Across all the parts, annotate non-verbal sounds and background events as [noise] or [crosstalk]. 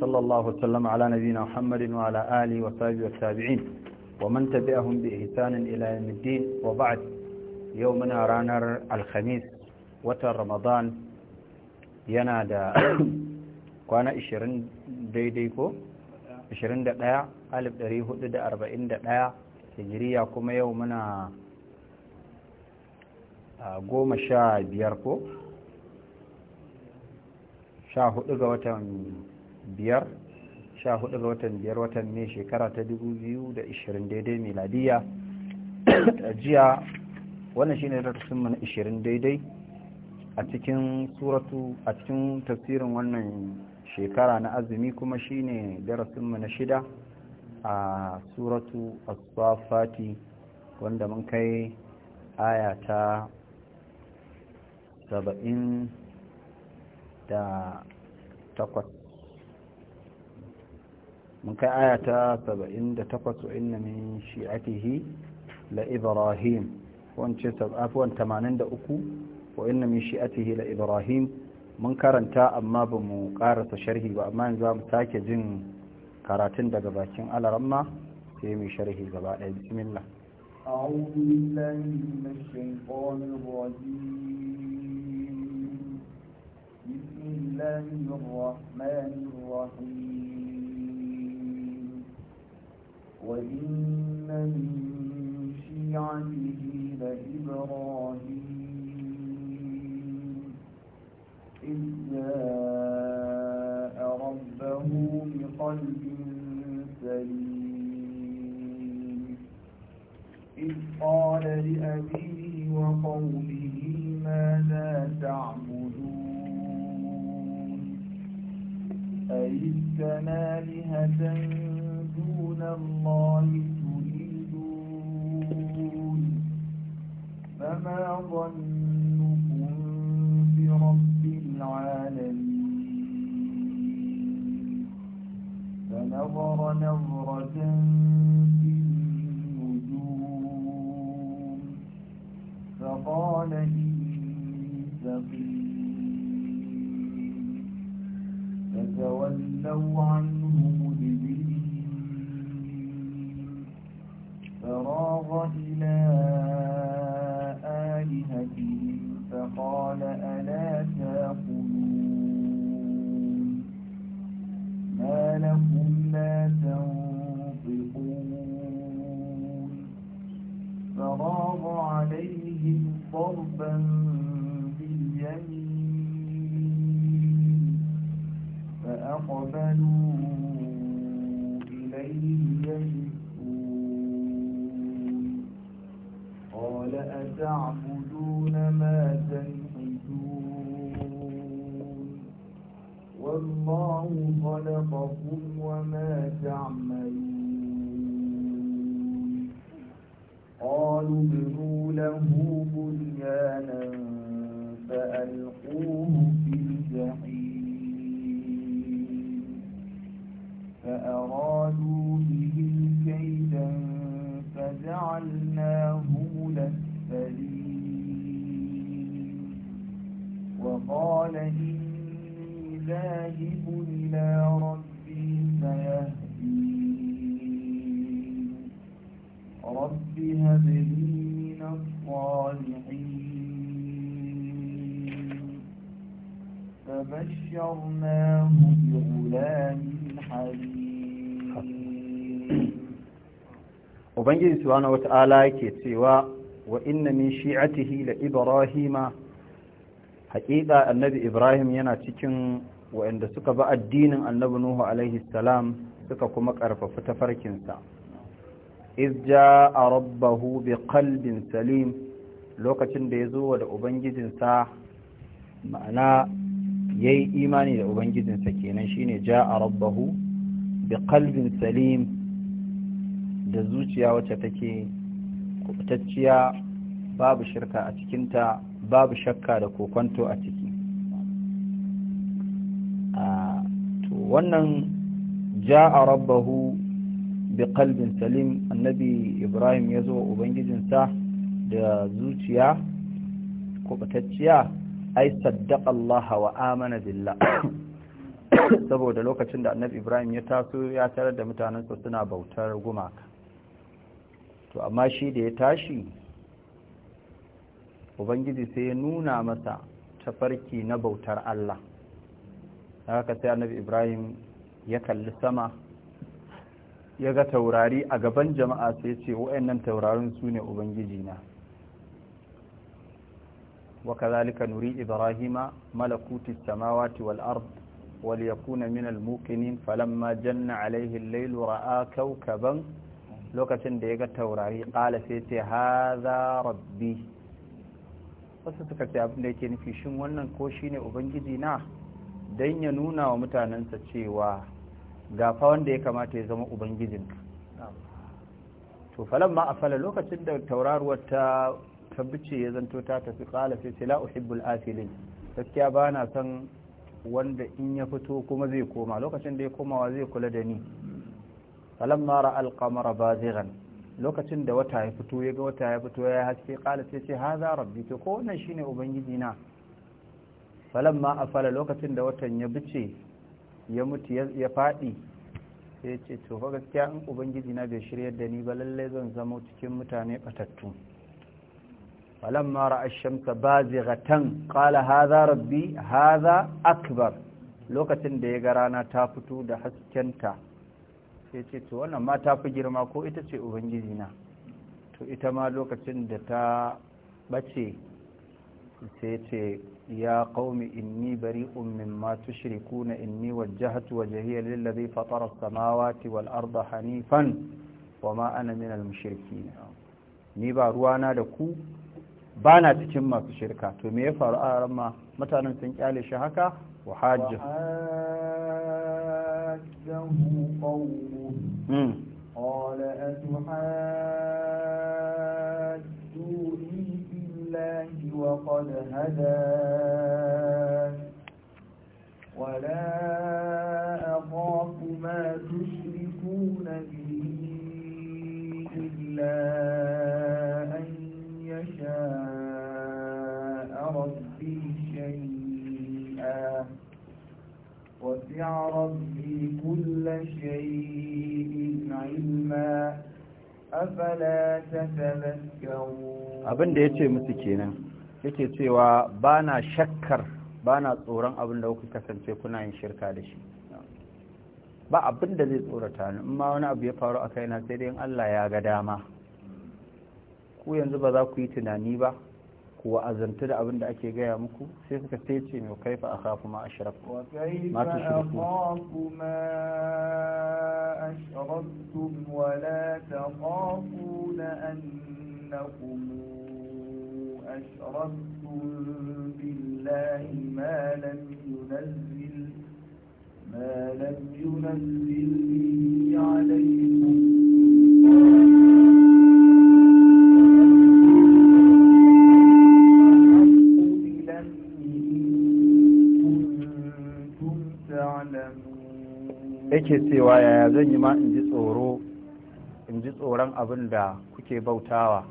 صلى الله وسلم على نبينا محمد وعلى آله وصحبه والتابعين ومن تبعهم بإحسان إلى يوم الدين وبعد يومنا رانر الخميس وتر رمضان ينادى وانا [coughs] اشرين ديديكو ديكو اشرين دا دا قالب داريه دا اربعين دا دا تجريا كما يومنا آه، قوم شاي بياركو شا هدو biyar sha hudu ga watan biyar watan ne shekara ta dubu biyu da ishirin daidai miladiya a [coughs] jiya wannan shine darasin mana ishirin daidai a cikin suratu a cikin tafsirin wannan shekara na azumi kuma shine darasin na shida a suratu as-safati wanda mun kai aya ta saba'in da takwas من كآية سبعين تقص إن من شيعته لإبراهيم وإن شسب أفوا تمانين أكو وإن من شيعته لإبراهيم من كرنتا أما بمقارة شرهي وأما نزام تاكجين كراتين دقباكين على رمى في شرهي قبائل بسم الله أعوذ بالله من الشيطان الرجيم بسم الله الرحمن الرحيم وإن من شيعته لإبراهيم إذ جاء ربه بقلب سليم إذ قال لأبيه وقومه ماذا تعبدون أئذ كان آلهة دون الله تريدون فما ظنكم برب العالمين فنظر نظرة في النجوم فقال إني سقيم فتولوا عنه over قال إني ذاهب إلى ربي سيهدين رب هب لي من الصالحين فبشرناه بغلام حليم وبنجي سبحانه وتعالى كيتسيوا وإن من شيعته لإبراهيم haƙiƙa annabi ibrahim yana cikin waɗanda suka ba addinin annabi nuhu alaihi salam suka kuma ƙarfafi tafarkinsa iz a rabbahu bi qalbin salim lokacin da ya zo da ubangijinsa ma'ana yayi imani da ubangijinsa kenan shine a rabbahu bi qalbin salim da zuciya wacce take kubtacciya babu shirka a cikinta babu shakka da kokonto a ciki to wannan ja'a rabbahu bi qalbin salim annabi ibrahim ya zo ubangijinsa da zuciya kubatacciya ai saddaqa Allah wa amana billah [coughs] saboda lokacin da annabi ibrahim ya taso ya tarar da mutanensa suna bautar gumaka to amma shi da ya tashi ubangiji sai ya nuna masa tafarki na bautar Allah haka sai annabi ibrahim ya kalli sama ya ga taurari a gaban jama'a sai ya ce nan taurarin su ne ubangiji na wakazalika nuri ibrahim malakuti samawati wal ard wal yakuna min al muqinin falamma janna alayhi al layl ra'a lokacin da ya ga taurari qala sai ya ce hadha rabbi wasu suka ce abin da yake nufi shin wannan ko shi ne ubangiji na don ya nuna wa mutanensa cewa gafa wanda ya kamata ya zama ubangijin to falon ma a fala lokacin da tauraruwar ta tabbice ya zanto ta tafi kala sai sai la uhibbul gaskiya ba na son wanda in ya fito kuma zai koma lokacin da ya komawa zai kula da ni falamma ra'al zai gani. lokacin da wata ya fito ya ga wata ya fito ya haske kala sai ce haza rabbi to ko wannan shine ubangiji na falamma afala lokacin da watan ya bice ya mutu ya fadi sai ce to fa gaskiya in ubangiji na bai shirye da ni ba lalle zan zama cikin mutane batattu falamma ra'a ash-shamsa bazighatan qala haza rabbi haza akbar lokacin da ya ga rana ta fito da haskenta sai ce to wannan ma ta fi girma ko ita ce ubangiji na to ita ma lokacin da ta bace sai ce ya na inni ni mimma tushrikuna inni wajjahtu wajhiya lillazi fatara samawati wal arda hanifan wama ana al mushrikin ni ba ruwana da ku ba na cikin masu shirka to me ya faru a ramma mutanen sun kyale shi haka wa hajji قال أتحاجوني في الله وقد هدان ولا أخاف ما تشركون به إلا وسع ربي كل شيء علما أفلا تتذكرون أبن دي يتشي yake cewa bana shakkar bana tsoron abin da kuka kasance kuna yin shirka da shi ba abin da zai tsorata ni amma wani abu ya faru a kaina sai dai in Allah ya ga dama ku yanzu ba za ku yi tunani ba kuwa wa'azantu da abin da ake gaya muku sai suka ce ce mai kaifa a kafu ma ashraf ma tu shirku ma ashraftum wa la taqafuna annakum ashraftum billahi ma lam yunzil ma lam yunzil bihi alaykum yake cewa yaya zan yi ma in ji tsoro in ji tsoron abin da kuke bautawa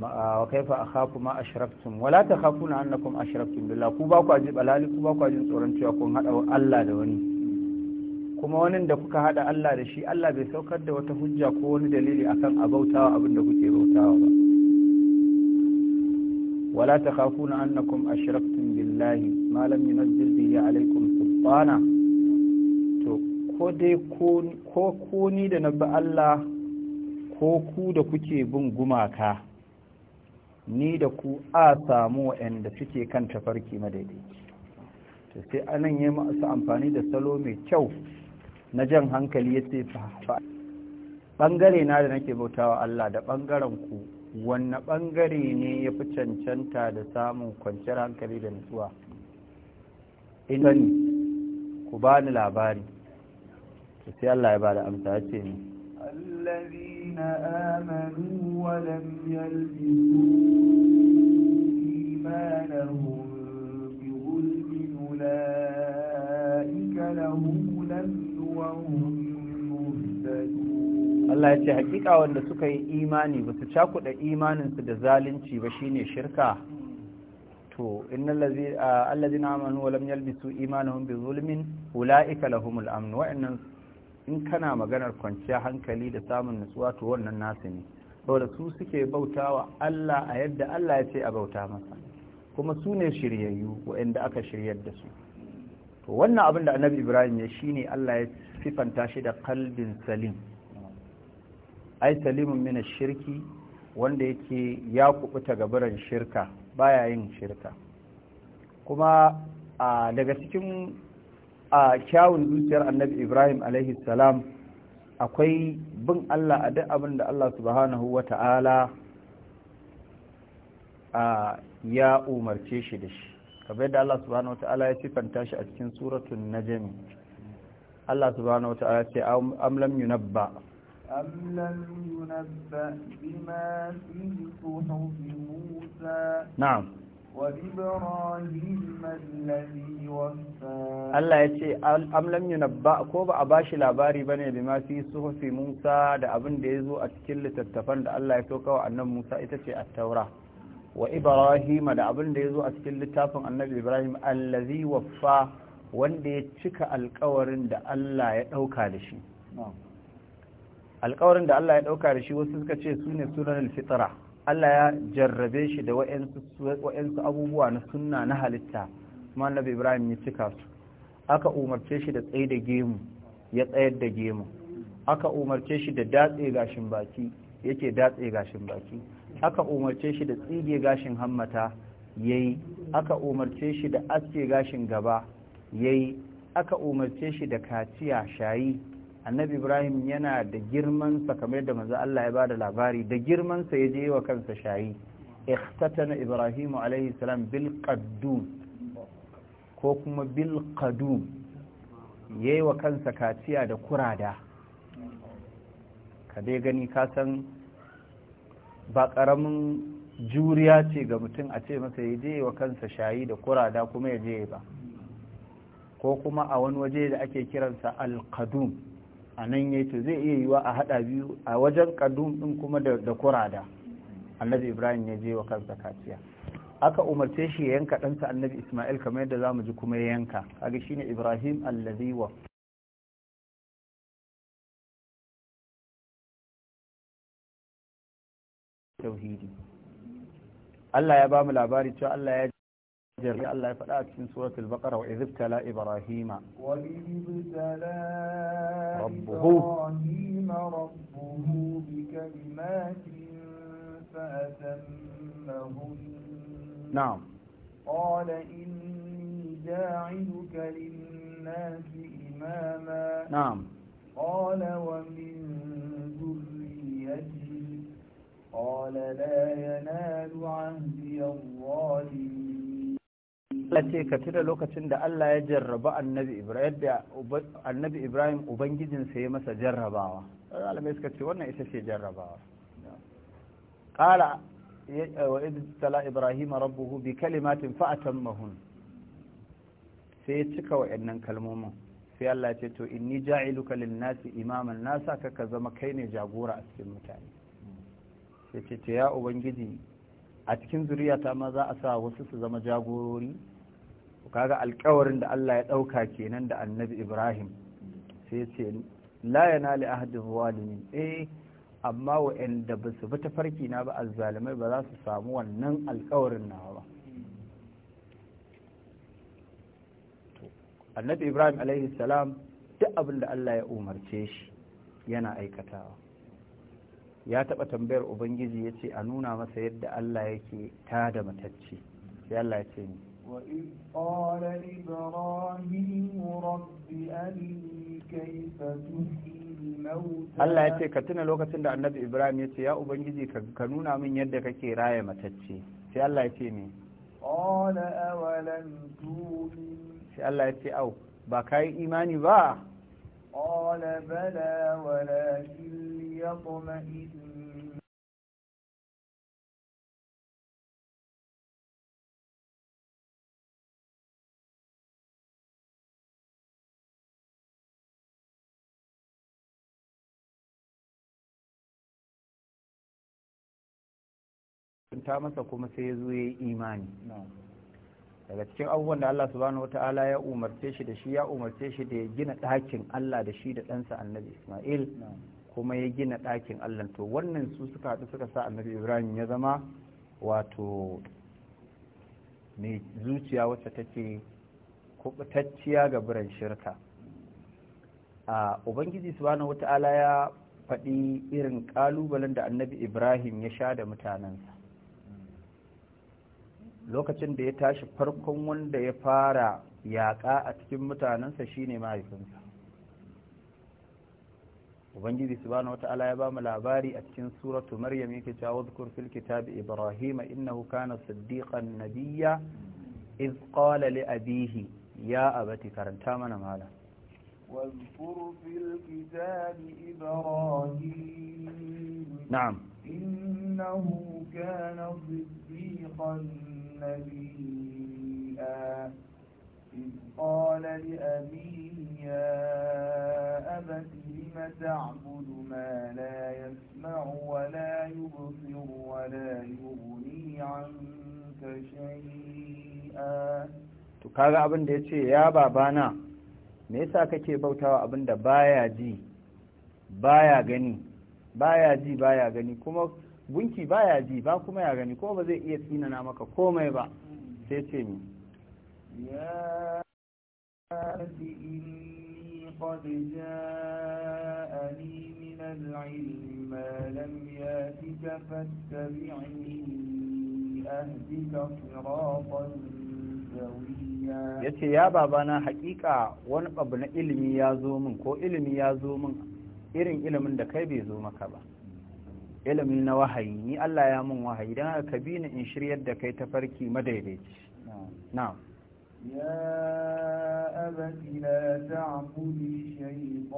wa kaifa akhafu ma ashraftum wala takhafuna annakum ashraftum billah ku ba ku ji balali ku ba ku ji tsoron cewa kun hada Allah da wani kuma wani da kuka hada Allah da shi Allah bai saukar da wata hujja ko wani dalili akan abautawa abin da kuke bautawa ba wala takhafuna annakum ashraftum billahi ma lam yunzil bihi alaykum sultana ko dai ko ko ni da na bi Allah ko ku da kuke bin gumaka ni da ku a samu waɗanda suke kan tafarki daidai. to sai anan yi masu amfani da salo mai kyau na jan hankali ya ce Bangare na da nake bautawa Allah da bangaren ku wanne bangare ne ya fi cancanta da samun kwanciyar hankali da nutsuwa ina ku ba ni labari sai Allah ya bada amsa ya ce Allah ya ce hakika wanda suka yi imani ba su cakuɗa imaninsu da zalunci ba shine shirka to innal ladhina amanu wa lam yalbisu imanahum bi zulmin ulaika lahumul amn wa'annan in kana maganar kwanciya hankali da samun nutsuwa to wannan nasu ne saboda su suke bautawa Allah a yadda Allah ya ce a bauta masa kuma su ne shiryayyu waɗanda aka shiryar da su to wannan abin da annabi ibrahim ya shine Allah ya sifanta shi da kalbin salim ai salimun mina shirki wanda yake ya kubuta gabaran shirka baya yin shirka kuma daga cikin a kyawun zuciyar annabi ibrahim alaihi salam akwai bin allah a duk abin da allah subhanahu wa ta'ala ya umarce shi da shi kamar da allah subhanahu wa ta'ala ya sifanta shi a cikin suratun Jami. allah subhanahu wa ta'ala ce am lam yunabba am lam yunabba bima fi suhufi musa na'am Allah ya ce amlam yunabba ko ba a ba shi labari ba ne bima fi suhufi Musa da abin da zo a cikin littattafan da Allah ya soka wa annan Musa ita ce a taura wa Ibrahim da abin da zo a cikin littafin annabi Ibrahim allazi waffa wanda ya cika alƙawarin da Allah ya ɗauka da shi Alkawarin da Allah ya ɗauka da shi wasu suka ce ne sunan al-fitra Allah ya jarrabe shi da wa'yansu abubuwa na sunna na halitta kuma annabi Ibrahim ya cika su aka umarce shi da tsaye da gemu ya tsayar da gemu aka umarce shi da datse gashin baki yake datse gashin baki aka umarce shi da tsige gashin hammata yayi aka umarce shi da aske gashin gaba yayi aka umarce shi da kaciya shayi annabi ibrahim yana da girmansa kamar yadda manzo Allah ya bada labari da girman ya je wa kansa shayi ikhtatana ibrahim A.S. salam bil qaddum ko kuma bil qadum yayi wa kansa kaciya da kurada ka dai gani ka san ba karamin juriya ce ga mutum a ce masa ya je wa kansa shayi da kurada kuma yaje ba ko kuma a wani waje da ake kiransa al qadum a nan ya to zai iya yi wa a haɗa biyu a wajen kadum ɗin kuma da kurada annabi ibrahim ya je wa kansa kaciya aka umarce shi ya yanka ɗansa annabi ismail kamar yadda za mu ji kuma ya yanka kaga shine ibrahim allazi wa tauhidi Allah ya ba mu labari cewa Allah ya جرى الله يفعل من سورة البقرة وإذ ابتلى إبراهيم وإذ ابتلى إبراهيم ربه بكلمات فأتمهن نعم قال إني جاعلك للناس إماما نعم قال ومن ذريتي قال لا ينال عهدي الظالمين Allah ce ka tuna lokacin da Allah ya jarraba annabi Ibrahim annabi Ibrahim ubangijinsa ya masa jarrabawa alamai suka ce wannan ita ce jarrabawa qala wa id tala Ibrahim rabbuhu bi kalimatin fa atammahun sai ya cika wa'annan kalmomin sai Allah ya ce to inni ja'iluka lin-nasi imaman nasa ka ka zama kai ne jagora a cikin mutane sai ce ya ubangiji a cikin zuriyata ma za a sa wasu su zama jagorori kaga alƙawarin da Allah ya ɗauka kenan da annabi Ibrahim sai ce la li ahdi zalimin eh amma wa'anda ba su bi ta farki na ba azzalimai ba za su samu wannan alƙawarin nawa ba annabi Ibrahim alaihi salam duk abin da Allah ya umarce shi yana aikatawa ya taɓa tambayar ubangiji ya ce a nuna masa yadda Allah yake ta da matacce sai Allah ya ce ni وإذ قال إبراهيم رب أني كيف تحيي Allah ya ce ka tuna lokacin da annabi Ibrahim ya ce ya Ubangiji ka nuna min yadda kake raya matacce sai Allah ya ce ne sai Allah ya ce au ba ka yi imani ba rubuta masa kuma sai ya zo ya yi imani daga cikin abubuwan da Allah subhanahu wata'ala ya umarce shi da shi ya umarce shi da ya gina ɗakin Allah da shi da ɗansa annabi Ismail kuma ya gina ɗakin Allah to wannan su suka haɗu suka sa annabi Ibrahim ya zama wato mai zuciya wacce take kubutacciya ga biran shirka a ubangiji subhanahu wata'ala ya faɗi irin ƙalubalen da annabi Ibrahim ya sha da mutanensa lokacin da ya tashi farkon wanda ya fara yaƙa a cikin mutanensa shine mahaifinsa ubangiji subhanahu wata'ala ya bamu labari a cikin suratu maryam yake jawo wadhkur fil kitabi ibrahima innahu kana siddiqan nabiyya iz qala li abihi ya abati karanta mana mala واذكر في الكتاب إبراهيم نعم إنه كان صديقا مليئا إذ قال لأبيه يا أبت لم تعبد ما لا يسمع ولا يبصر ولا يغني عنك شيئا to kaga abin da yace ya babana me yasa kake bautawa abin da baya ji baya gani baya ji baya gani kuma gunki baya ji ba kuma ya gani ko ba zai iya tsinana maka komai ba sai ce mi ya abi inni qad ja'ani min al-'ilmi ma lam yati fattabi'ni ahdika siratan ya ce ya babana hakika wani abu na ilimi ya zo min ko ilimi ya zo min irin ilimin da kai bai zo maka ba ilimin na wahayi ni Allah ya mun wahayi dan haka bi ni in shiryar da kai ta farki madaidaici na'am ya abati la ta'budi shaytan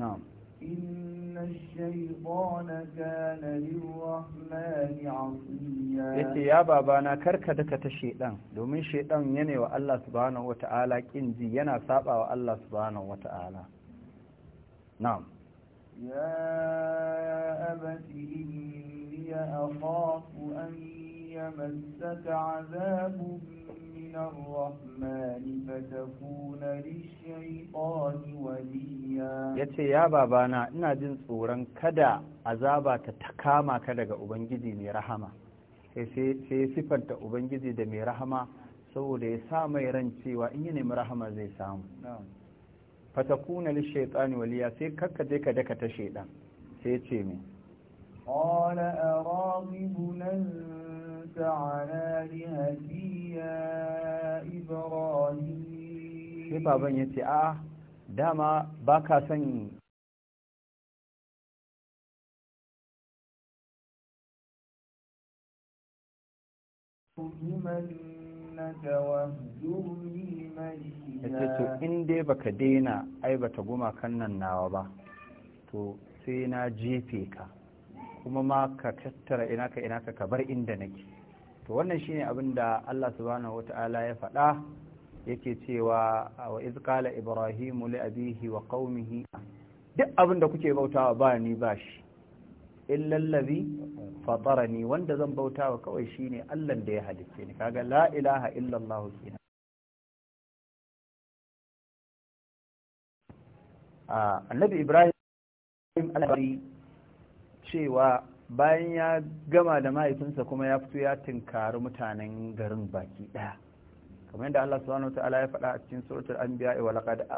na'am inna ash-shaytana kana lirrahmani 'asiya yace ya babana karka daka ta shedan domin shedan yana wa Allah subhanahu wata'ala kinji yana sabawa wa Allah subhanahu wata'ala na'am يا أبت إني أخاف أن يمسك عذاب من الرحمن فتكون للشيطان وليا يتي يا بابانا إنا جن صورا كدا عذابا تتكاما كدا أبنجدي رحمة sai siffanta ubangiji da mai rahama saboda ya sa mai ran cewa in yi nemi rahama zai samu fatakuna li shaytani waliya sai kakka je ka daka ta shaydan sai ya ce min qala araghibun anta ala lihati ibrahim sai baban yace a ah, dama baka son من yace to in dai baka daina ai bata guma kan nan nawa ba to sai na jefe ka kuma ma ka tattara ina ka ina ka bar inda nake to wannan shine abin da Allah subhanahu wataala ya faɗa yake cewa wa iz qala ibrahimu li abihi wa qaumihi duk abin da kuke bautawa ba ni ba shi illallazi fatarani wanda zan bauta wa kawai shine Allah da ya halitta ni kaga la ilaha illallah kenan annabi Ibrahim al'ari cewa bayan ya gama da mahaifinsa kuma ya fito ya tinkari mutanen garin baki daya kamar yadda Allah subhanahu wataala ya faɗa a cikin suratul anbiya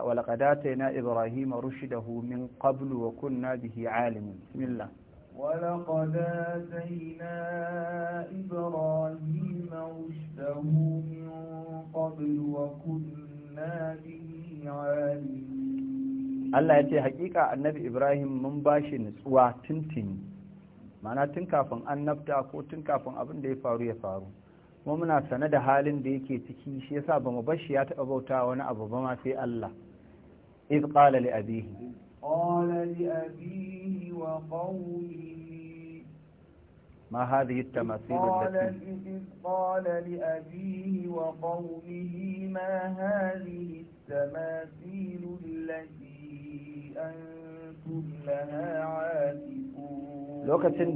wa laqad atayna ibrahima rushdahu min qablu wa kunna bihi alimin bismillah ولقد آتينا إبراهيم رشده من قبل وكنا به عالمين الله يتي حقيقة النبي إبراهيم من باشي نسوى تنتني معنى تنكافن أن نبتع كو تنكافن أبن دي فارو يفارو kuma muna sane da halin da yake ciki shi yasa ba mu bashi ya taɓa bauta wani abu ba ma sai Allah iz qala li abihi qala li abihi وقومه ما da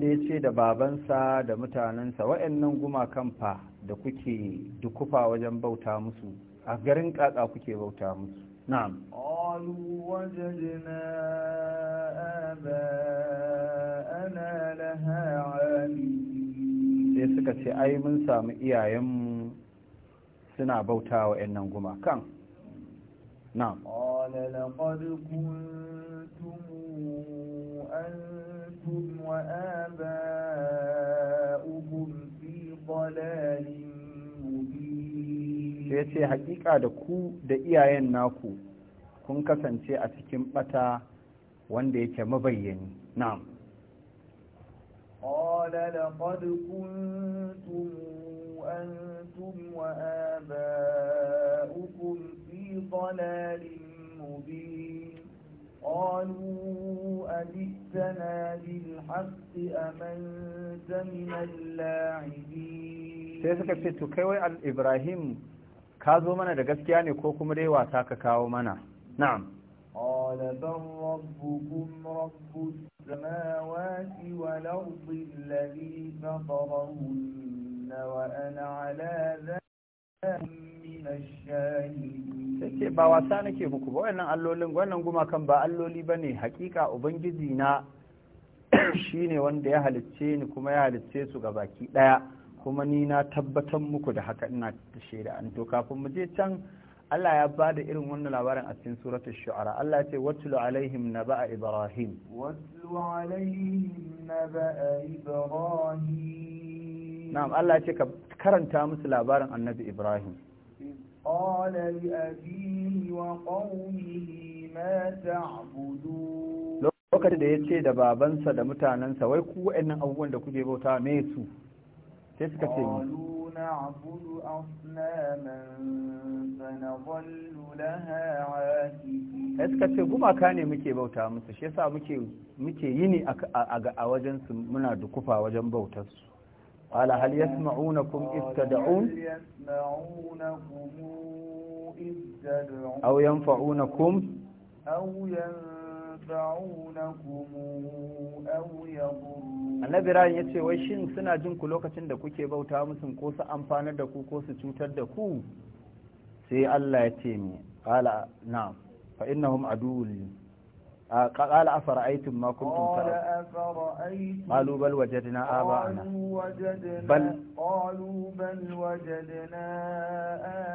ya ce da babansa da mutanensa wa'annan gumakan fa da kuke dukufa wajen bauta musu a garin kaka kuke bauta musu na'am qalu wajadna sai suka ce ai mun samu iyayenmu suna bauta wa nan gumakan na'am qala laqad sai ce hakika da ku da iyayen naku kun kasance a cikin bata wanda yake mabayyani na'am qala laqad kuntum antum wa aba'ukum fi dhalalin mubin قالوا أجئتنا بالحق أمنت من اللاعبين sai suka ce to kai wai al-ibrahim ka zo mana da gaskiya ne ko kuma dai wasa ka kawo mana na'am قال بل ربكم رب السماوات والأرض الذي فطرهن وأنا على ذلك من الشاهدين sai ba wasa nake muku ba wannan allolin wannan gumakan ba alloli ba ne hakika ubangiji na shine wanda ya halicce ni kuma ya halicce su ga baki daya kuma ni na tabbatar muku da haka ina shaida an to kafin mu je can Allah ya ba da irin wannan labarin a cikin suratul shu'ara Allah ya ce watlu alaihim naba'a ibrahim watlu alaihim naba'a ibrahim na'am Allah ya ce ka karanta musu labarin annabi ibrahim qala li abihi wa qaumihi ma ta'budun lokacin da yace da babansa da mutanansa wai ku wa'annan abubuwan da kuke bauta me su sai suka ce ni na'budu asnaman فنظل لها ce gumaka ne muke bauta musu shi yasa muke muke yini a wajen su muna dukufa wajen bautar su qala hal yasma'unakum istad'un yasma'unakum aw yanfa'unakum aw yanfa'unakum aw yadurrun annabi ran yace wai shin suna jin ku lokacin da kuke bauta musu ko su amfanar da ku ko su cutar da ku sai Allah ya ce mi qala na'am fa innahum aduwwun qala afara'aytum ma kuntum كنتم qalu bal wajadna aba'ana bal qalu bal wajadna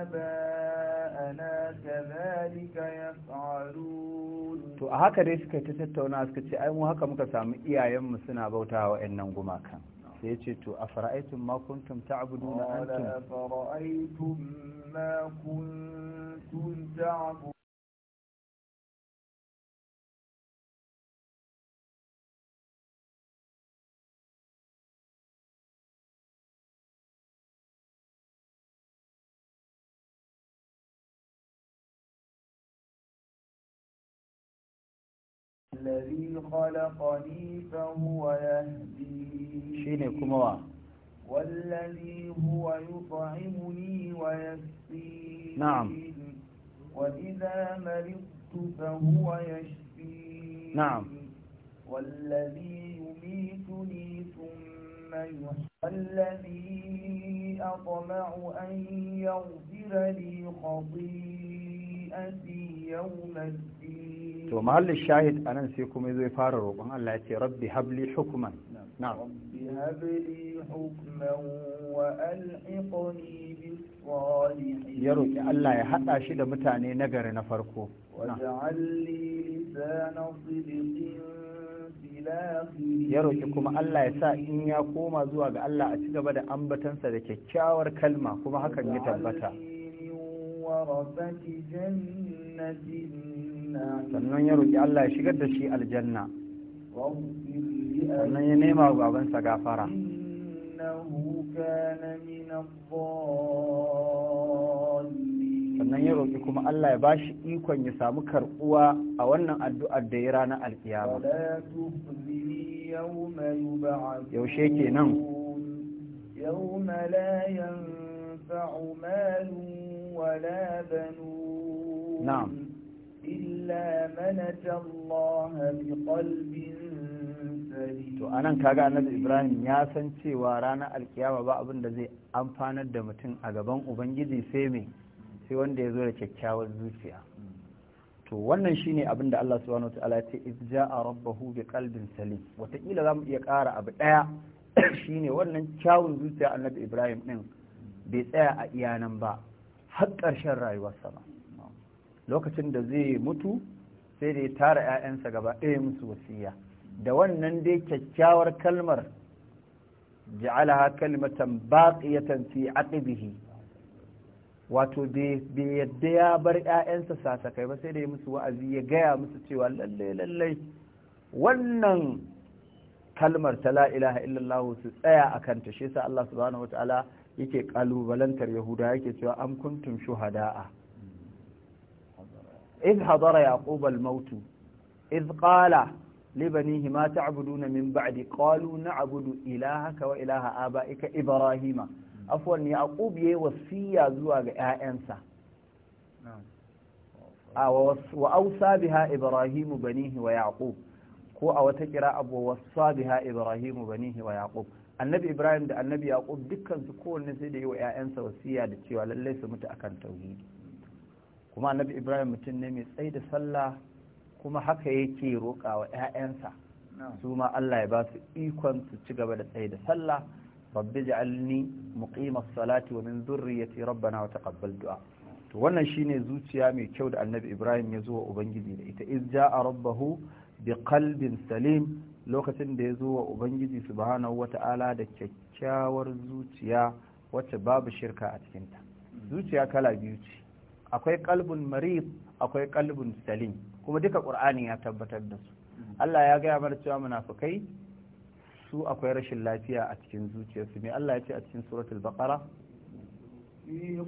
aba'ana kadhalika yaf'alun to haka dai suka tattauna suka ce ai mu haka muka samu iyayen mu suna bautawa wa'annan gumakan sai ce to a fara'aitun ma kuntum ta'buduna antum الذي خلقني فهو يهدي شيني كموا والذي هو يطعمني ويسقين نعم وإذا مرضت فهو يشفين نعم والذي يميتني ثم يحيي والذي أطمع أن يغفر لي خطيئتي يوم الدين to mahalli shahid a nan sai kuma zai fara roƙon Allah ya ce rabbi habli hukuman na rabbi habli hukman wa alhiqni bis salihin ya roƙi Allah ya hada shi da mutane nagari na farko waj'alli lisana sidqin ya roƙi kuma Allah ya sa in ya koma zuwa ga Allah a ci gaba da ambatansa da kyakkyawar kalma kuma hakan ya tabbata. sannan ya roƙi Allah ya shigar da shi aljanna sannan ya nema wa babansa gafara sannan ya roƙi kuma Allah ya bashi ikon ya samu karɓuwa a wannan addu'ar da ya ranar alkiyama yaushe ke nan na'am إلا من الله بقلب سليم to anan kaga annabi Ibrahim ya san cewa ranar alkiyama ba abin da zai amfanar da mutum a gaban ubangiji sai me sai wanda ya zo da kyakkyawar zuciya to wannan shine abin da Allah subhanahu wataala ya ce iz jaa rabbahu qalbin salim wataƙila zamu iya ƙara abu ɗaya [coughs] shine wannan kyawun zuciya annabi Ibrahim din bai tsaya a iyanan ba har ƙarshen rayuwarsa ba lokacin da zai mutu sai da ya tara 'ya'yansa gaba ɗaya musu wasiya da wannan dai kyakkyawar kalmar ja'alaha kalmatan baqiyatan fi aqibihi wato bai yadda ya bar 'ya'yansa sasakai ba sai da ya musu wa'azi ya gaya musu cewa lallai lallai wannan kalmar ta la ilaha illallah su tsaya a kanta shi sa Allah subhanahu wataala yake kalubalantar yahuda yake cewa an kuntun shuhada'a إذ حضر يعقوب الموت إذ قال لبنيه ما تعبدون من بعد قالوا نعبد إلهك وإله آبائك إبراهيم عفوا يعقوب يوصي زواج آئنسا وأوصى بها إبراهيم بنيه ويعقوب ko a wata kira abu wasa biha ibrahimu banihi wa yaqub annabi ibrahim da annabi yaqub dukkan su kowanne sai da yi wa ƴaƴansa wasiya da cewa lallai su mutu akan tauhidi kuma annabi ibrahim mutum ne mai tsayi da sallah kuma haka yake roƙa wa 'ya'yansa su ma Allah ya ba su ikon su ci gaba da tsaye da sallah rabbi ja'alni muqimas salati wa min dhurriyyati rabbana wa taqabbal du'a to wannan shine zuciya mai kyau da Annabi Ibrahim ya zo wa ubangiji da ita iz a rabbahu bi qalbin salim lokacin da ya zo wa ubangiji subhanahu wata'ala da kyakkyawar zuciya wacce babu shirka a cikinta hmm. zuciya kala biyu ce akwai kalbun marid akwai kalbun salim kuma duka qur'ani ya tabbatar da su Allah ya gaya mana cewa munafikai su akwai rashin lafiya a cikin zuciyarsu me Allah ya ce a cikin suratul baqara fi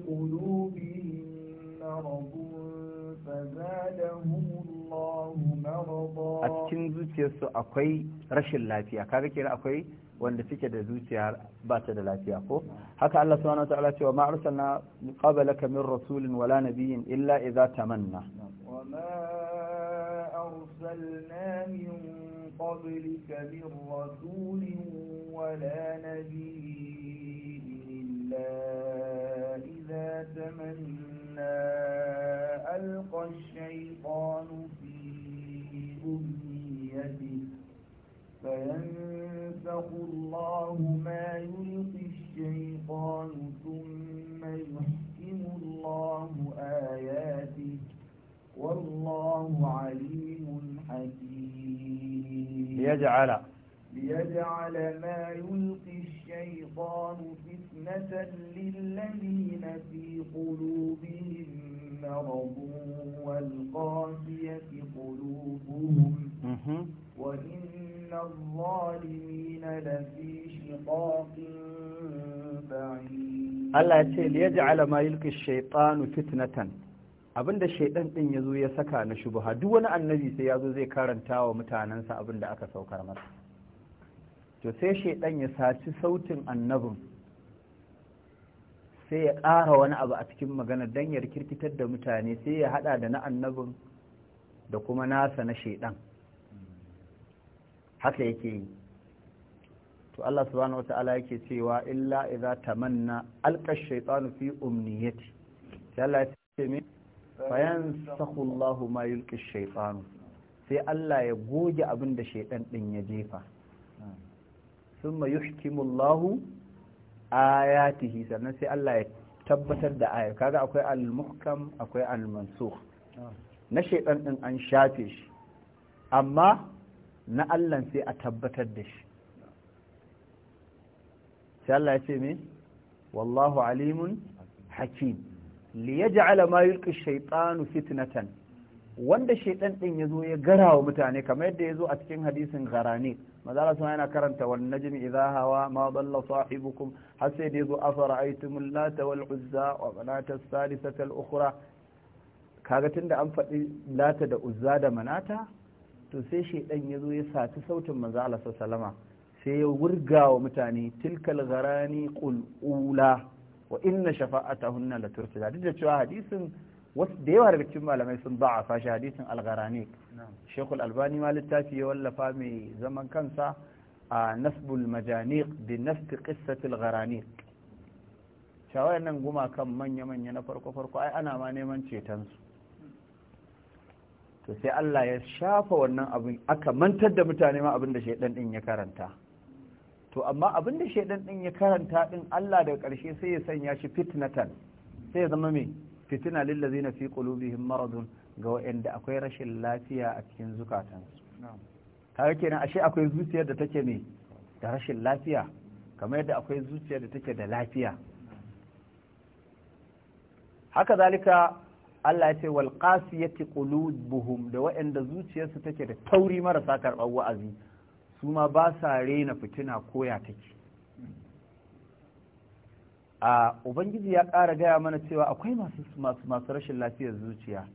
a cikin zuciyarsu akwai rashin lafiya kaga kenan akwai wanda suke da zuciya ba ta da lafiya ko haka Allah subhanahu wataala cewa ma arsalna qablaka min rasulin wala nabiyyin illa idza tamanna وما أرسلنا من قبلك من رسول ولا نبي إلا إذا تمنى ألقى الشيطان في أمنيته فينسى ينسخ الله ما يلقي الشيطان ثم يحكم الله آياته والله عليم حكيم ليجعل ليجعل ما يلقي الشيطان فتنة للذين في قلوبهم مرض والقاسية قلوبهم وَإِنَّ الظَّالِمِينَ لَفِي شِقَاقٍ بَعِيدٍ الله يتي ليجعل ما يلقي الشيطان فتنة abinda shaidan din yazo ya saka na shubha duk wani annabi sai yazo zai karanta wa mutanansa abinda aka saukar masa to sai shaidan ya saci sautin annabin sai ya ƙara wani abu a cikin magana don ya rikirkitar da mutane sai ya hada da na annabin da kuma nasa na shaidan haka yake yi to Allah subhanahu wata'ala yake cewa illa idza tamanna alqa ash-shaytanu fi umniyati sai Allah ce me fayansakhu Allahu ma yulqi ash-shaytanu sai Allah ya goge abin da shaytan din ya jefa thumma yuhkimu Allahu ayatihi sannan sai Allah ya tabbatar da ayar kaga akwai al-muhkam akwai al-mansukh ah. na shaytan din an shafe shi amma na Allah sai a tabbatar da shi sai Allah ya ce me wallahu alimun hakim li yaj'ala ma yulqi shaytanu fitnatan wanda shaytan din yazo ya garawa mutane kamar yadda ya zo a cikin hadisin gharani mazala sun yana karanta wan najmi idha hawa ma dalla sahibukum har sai da yazo afara'aytum lata wal uzza wa manata as ukhra kaga tunda an faɗi lata da uzza da manata to sai shaidan ya zo ya saci sautin manzo Allah sallama sai ya wurga wa mutane tilkal gharani qulula wa inna shafa'atahunna la turtida duk da cewa hadisin wasu da yawa daga cikin malamai sun ba a fashi hadisin al-gharani Albani ma littafi ya wallafa mai zaman kansa a nasbul majaniq bi nasb qissatil gharani shawayan nan gumakan manya-manya na farko-farko ai ana ma neman cetonsu to sai Allah ya shafa wannan abin aka mantar da mutane ma abin da shaidan din ya karanta to amma abin da shaidan din ya karanta din Allah daga ƙarshe sai ya sanya shi fitnatan sai ya zama me fitna lil ladzina fi qulubihim maradun ga wanda akwai rashin lafiya a cikin zukatansu kaga kenan ashe akwai zuciyar da take me da rashin lafiya kamar yadda akwai zuciyar da take da lafiya haka zalika Allah ya ce wal qasiyati qulubuhum da waɗanda zuciyarsu take da tauri marasa karɓar wa'azi su ma ba sa rena fitina koya take a ubangiji ya ƙara gaya mana cewa akwai masu masu rashin lafiyar zuciya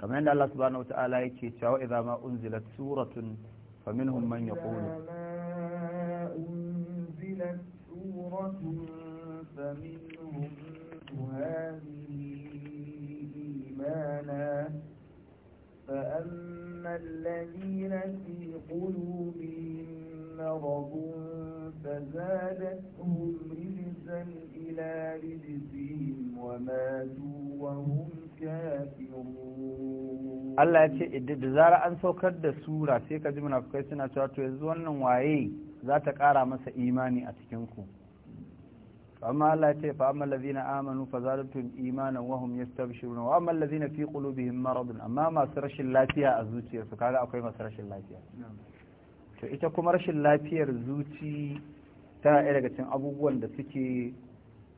kamar yadda Allah subhanahu wata'ala yake cewa idza ma unzilat suratun faminhum man yaqulu unzilat suratun faminhum الذين في قلوبهم مرض فزادتهم رجسا إلى رجسهم وماتوا وهم كافرون الله يتي da zara an saukar da sura sai ka ji munafukai suna cewa to yanzu wannan waye za ta ƙara masa imani a cikinku amma Allah ce fa amma allazina amanu fa zadatum imanan wa hum yastabshiruna wa amma allazina fi qulubihim maradun amma masu rashin lafiya a zuciyarsu kaga akwai masu rashin lafiya to ita kuma rashin lafiyar zuci tana ɗaya daga cikin abubuwan da suke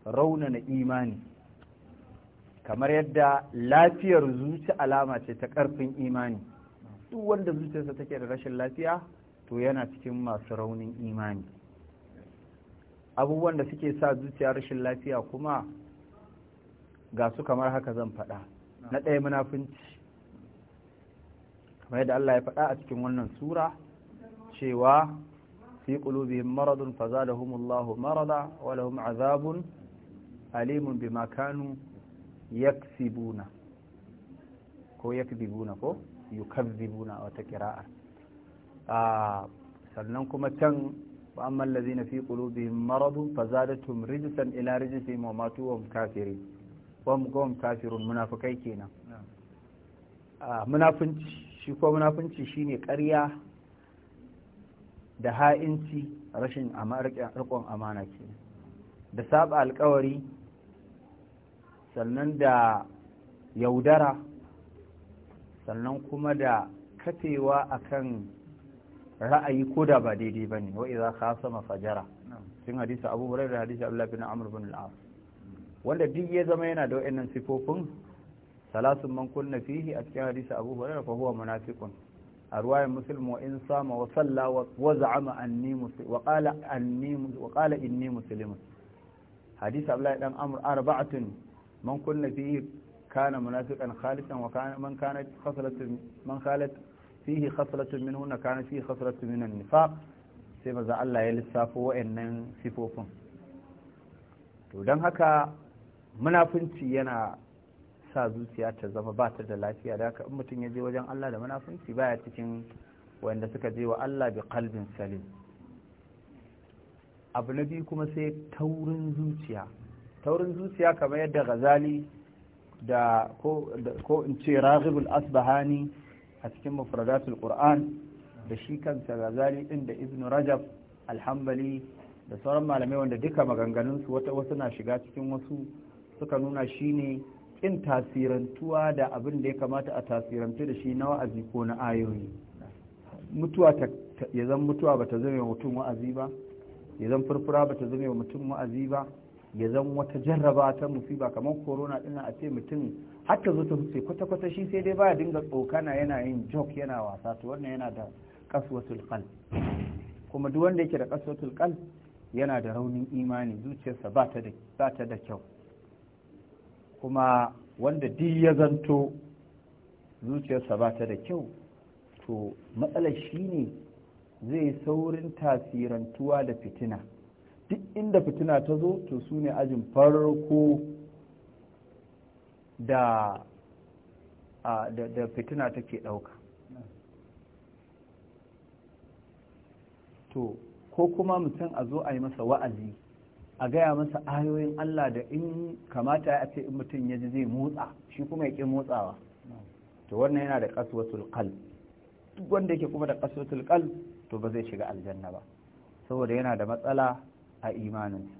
raunana imani kamar yadda lafiyar zuci alama ce ta karfin imani duk wanda zuciyarsa take da rashin lafiya to yana cikin masu raunin imani abubuwan da suke sa zuciya rashin lafiya kuma ga su kamar haka zan faɗa na ɗaya munafunci kamar yadda Allah ya faɗa a cikin wannan sura cewa fi qulubihim maradun fazalahumullahu marada wa lahum azabun alimun bima kanu yaksibuna ko yakdibuna ko yukazzibuna wata qira'a ah, sannan kuma can وأما الذين في قلوبهم مرض فزادتهم رجسا إلى رجسهم وماتوا وهم كافرين وهم قوم كافرون منافقين كينا shi ko munafunci shine ƙarya da ha'inci rashin riƙon amana ke da saba alƙawari sannan da yaudara sannan kuma da kafewa akan ra'ayi ko da ba daidai ba ne wa iza sama fajara cikin hadisa abu hurairah da hadisi abdullah bin amr bin al-as wanda duk ya zama yana da wayannan sifofin salasun man kunna fihi a cikin hadisa abu hurairah fa huwa munafiqun a ruwayan muslim wa in sama wa salla wa za'ama anni muslim wa qala inni muslimun hadisa abu dan amr arba'atun man kunna fihi kana munafiqan khalisan wa kana man kanat khasalat man khalat fihi khaslatun minhunna kana fihi khaslatun minan nifaq sai maza Allah ya lissafo wayannan sifofin to dan haka munafunci yana sa zuciya ta zama ba ta da lafiya da haka in mutum ya je wajen Allah da munafunci baya cikin wanda suka je wa Allah bi qalbin salim abu na biyu kuma sai taurin zuciya taurin zuciya kamar yadda ghazali da ko in ce raghibul asbahani a cikin mufradatul qur'an da shi kansa gazali din da ibnu rajab alhambali da sauran malamai wanda duka maganganunsu su wata wasu na shiga cikin wasu suka nuna shi ne kin tasirantuwa da abin da ya kamata a tasirantu da shi na wa'azi ko na ayoyi mutuwa ta ya zan mutuwa bata zame mutum wa'azi ba ya zan furfura bata zame mutum wa'azi ba ya zan wata jarraba ta musiba kamar corona din a ce mutum har ta zo ta rufe kwata-kwata shi sai dai baya dinga tsokana yana yin jok yana wasa to wannan yana da kaswatul tulkal kuma duk wanda yake da kaswatul tulkal yana da raunin imani zuciyarsa ba ta da kyau kuma wanda duk ya zanto zuciyarsa ba ta da kyau to matsalar shine zai saurin tasirantuwa da fitina duk inda fitina ta zo to su ne ajin farko da da fitina take ɗauka to ko kuma mutum a zo a yi masa wa'azi a gaya masa ayoyin Allah da in kamata a ce in mutum ya ji zai motsa shi kuma ya ƙi motsawa to wannan yana da ƙaswatul qalb duk wanda yake kuma da ƙaswatul qalb to ba zai shiga aljanna ba saboda yana da matsala a imaninsa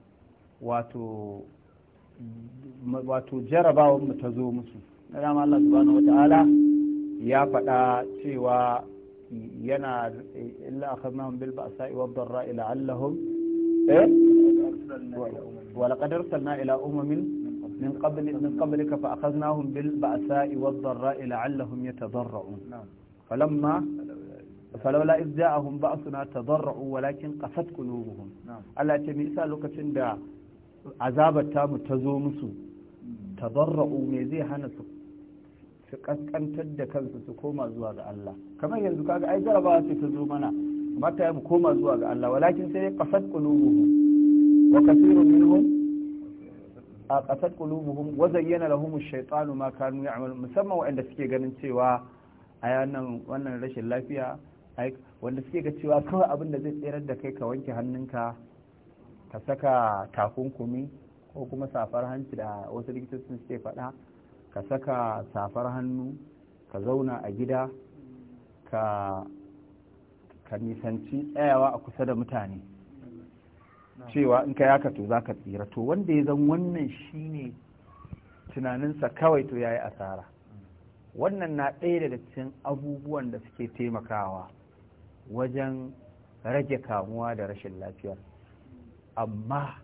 wato jarabawar mu ta zo musu na dama Allah subhanahu wata'ala ya faɗa cewa yana illa akhadnahum bil ba'sa'i wad ila la'allahum eh wa laqad arsalna ila umamin من قبل من قبلك فأخذناهم بالبأساء والضراء لعلهم يتضرعون فلما فلولا إذ جاءهم بأسنا تضرعوا ولكن قفت قلوبهم الله يتمي إسا لوكتن دا azabar tamu ta zo musu tabarra'u me zai hana su su kaskantar da kansu su koma zuwa ga Allah kamar yanzu kaga ai jaraba sai ta zo mana mata ya mu koma zuwa ga Allah walakin sai qasat qulubuhum wa kathirun minhum qasat qulubuhum wa zayyana lahum ash-shaytanu ma kanu ya'malu musamman wanda suke ganin cewa ai wannan wannan rashin lafiya ai wanda suke ga cewa kawai abin da zai tsere da kai ka wanke hannunka ka saka takunkumi ko kuma safar hanci da wasu likitocin suke faɗa ka saka safar hannu ka zauna a gida ka ka nisanci tsayawa a kusa da mutane cewa in ka yaka to za ka tsira to wanda ya zan wannan shine tunaninsa kawai to ya yi asara wannan na ɗaya daga cikin abubuwan da suke taimakawa wajen rage kamuwa da rashin lafiyar amma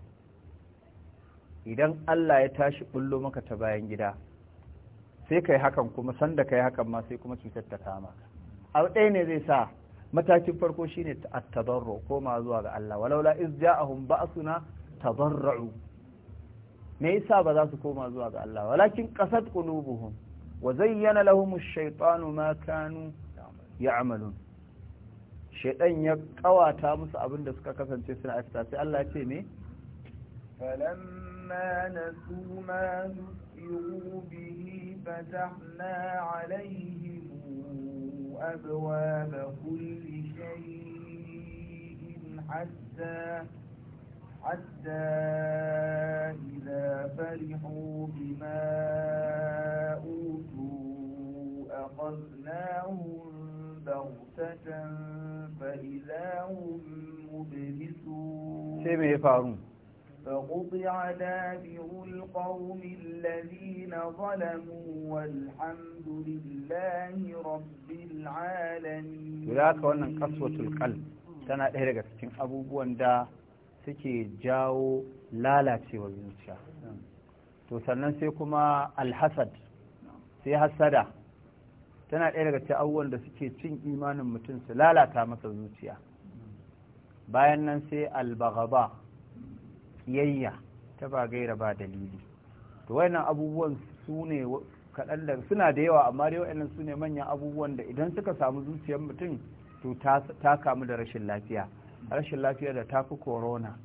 idan Allah ya tashi bullo maka ta bayan gida sai kai hakan kuma sanda kai hakan ma sai kuma cutar ta kama abu ɗaya ne zai sa matakin farko shine at-tadarru koma zuwa ga Allah walaula iz ja'ahum ba'suna tadarru me yasa ba za su koma zuwa ga Allah walakin qasat qulubuhum wa zayyana lahumu ash-shaytanu ma kanu ya'malun shaidan ya kawata musu abin da suka kasance suna aikata sai Allah ya ce ne falamma nasu ma nusiru fatahna alaihim abwaaba kulli shay'in hatta حتى إذا فرحوا بما أوتوا أخذناهم saukatan fahimtar mu mai yi faru. sa'o da ƙaddar daidai ne kawai ko wajen yi magana daidai. da ƙaddar da da ƙarfi. wannan kasuwar tulƙal tana ɗaya daga cikin abubuwan da su ke jawo lalacewa zuciya to sannan sai kuma alhasad sai hassada tana ɗaya daga cikin da suke cin imanin mutum su lalata masa zuciya bayan nan sai albagaba yayya ta ba gaira ba dalili to wayannan abubuwan su ne kaɗan da suna da yawa amma dai wayannan su ne manyan abubuwan da idan suka samu zuciyar mutum to ta kamu da rashin lafiya rashin lafiya da tafi corona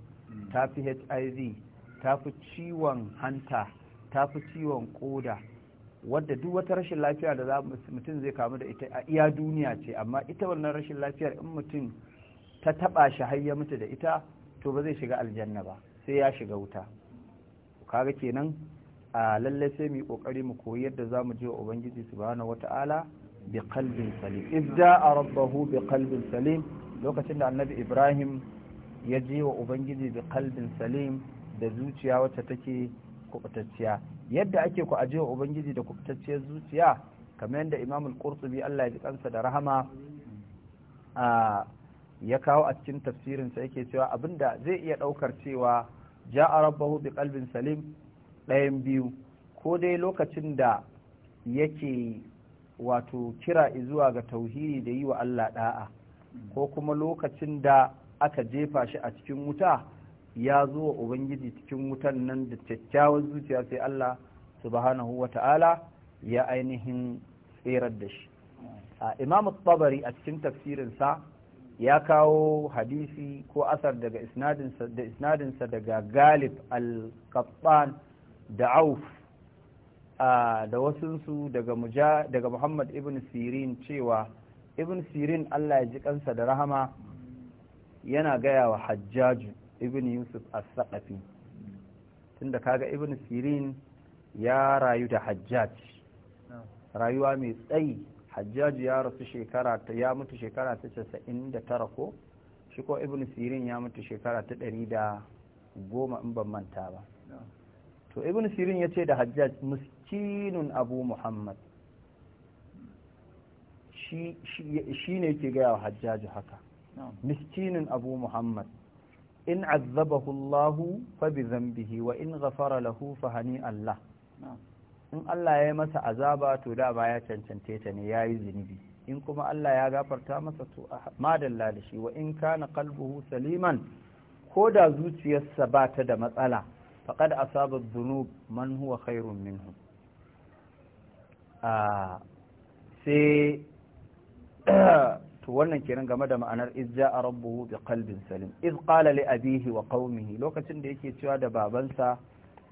tafi hiv tafi ciwon hanta tafi ciwon koda wadda duk wata rashin lafiya da mutum zai kamu da ita a iya duniya ce amma ita wannan rashin lafiyar in mutum ta taba shi har ya mutu da ita to ba zai shiga aljanna ba sai ya shiga wuta kaga kenan a lalle sai mu kokari mu koyi yadda zamu je wa ubangiji subhanahu wataala bi qalbin salim ibda'a rabbahu bi qalbin salim lokacin da annabi ibrahim ya je wa ubangiji bi qalbin salim da zuciya wacce take kubutacciya yadda ake ku ajiye ubangiji da kubutacciyar zuciya kamar yadda imam al-qurtubi Allah ya ji kansa da rahama a ya kawo a cikin tafsirin sa yake cewa abinda zai iya daukar cewa ja'a rabbahu bi qalbin salim ɗayan biyu ko dai lokacin da yake wato kira zuwa ga tauhidi da yi wa Allah da'a ko kuma lokacin da aka jefa shi a cikin wuta ya zo wa ubangiji cikin wutan nan da kyakkyawar zuciya sai Allah subhanahu wa ta'ala ya ainihin tserar da shi imam tabari a cikin tafsirinsa ya kawo hadisi ko asar daga isnadinsa daga galib al-qattan da auf da wasunsu daga muhammad ibn sirin cewa ibn sirin allah ya ji kansa da rahama yana gaya wa hajjaju ibn yusuf as-saqafi tunda kaga ibn sirin ya rayu da hajjaj rayuwa mai tsayi hajjaj ya rasu shekara ta ya mutu shekara ta 99 ko shi ko ibn sirin ya mutu shekara ta goma in ban manta ba to ibn sirin ya ce da hajjaj miskinun abu muhammad shi ne ke gaya wa hajjaju haka miskinin abu muhammad in azzabahu Allah fa bi zambihi wa in ghafara lahu fa hani Allah in Allah ya yi masa azaba to da ba ya cancante ta ne yayi zunubi in kuma Allah ya gafarta masa to madalla da shi wa in kana qalbuhu saliman ko da zuciyarsa ba ta da matsala faqad asaba dhunub man huwa khairun minhu sai to wannan kenan game da ma'anar izja a rabbuhu bi kalbin salim iz qala li abihi wa qaumihi lokacin da yake cewa da babansa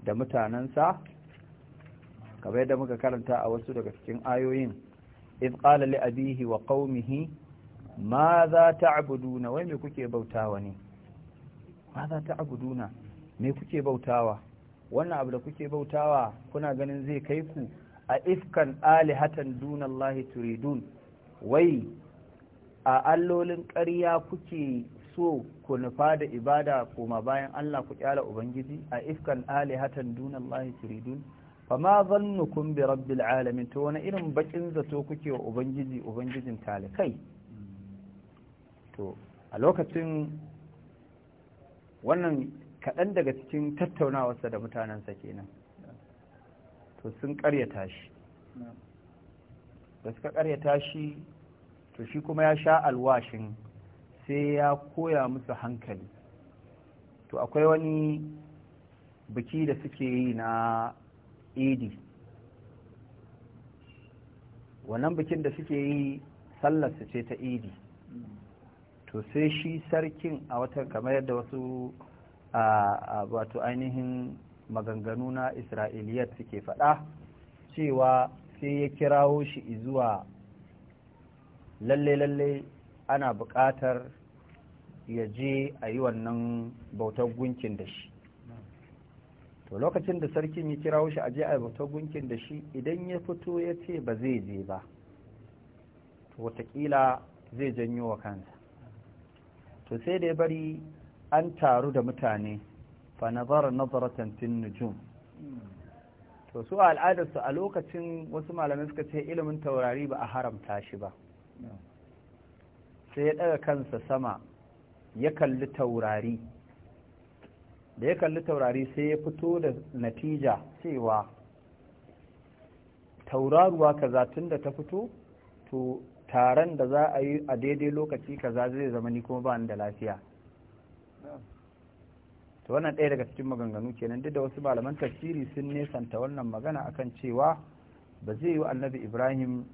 da mutanansa kamar yadda muka karanta a wasu daga cikin ayoyin iz qala li abihi wa qaumihi ma za ta'buduna wai me kuke bautawa ne ma za ta'buduna me kuke bautawa wannan abu da kuke bautawa kuna ganin zai kai ku a ifkan alihatan dunallahi turidun wai a allolin ƙarya kuke so ku nufa da ibada koma bayan Allah ku kyala ubangiji a ifkan ali alihatan dunallahi turidun ma zannukum bi rabbil alamin to wani irin bakin zato kuke wa ubangiji ubangijin talikai to a lokacin wannan kaɗan daga cikin tattaunawarsa da mutanensa kenan to sun ƙaryata shi da suka ƙaryata shi to shi kuma ya sha alwashin sai ya koya musu hankali to akwai wani biki da suke yi na idi wannan bikin da suke yi sallarsa ce ta idi to sai shi sarkin a watan kamar yadda wasu wato ainihin maganganu na isra'iliyat suke faɗa cewa sai ya kirawo shi zuwa lalle lalle ana buƙatar ya je a yi wannan bautar gunkin da shi to lokacin da sarkin ya kira shi a je a bautar gunkin da shi idan ya fito ya ce ba zai je ba to watakila zai janyo wa kansa to sai da ya bari an taru da mutane fa nazara nazaratan tantin nujum to su al'adarsu a lokacin wasu malamai suka ce ilimin taurari ba a haramta shi ba sai ya ɗaga kansa sama ya kalli taurari da ya kalli taurari sai ya fito da natija cewa tauraruwa kaza tun da ta fito to taron da za a yi a daidai lokaci kaza zai zama ni kuma ba da lafiya to wannan ɗaya daga cikin maganganu kenan duk da wasu malaman tasiri sun nesanta wannan magana akan cewa ba zai yi annabi ibrahim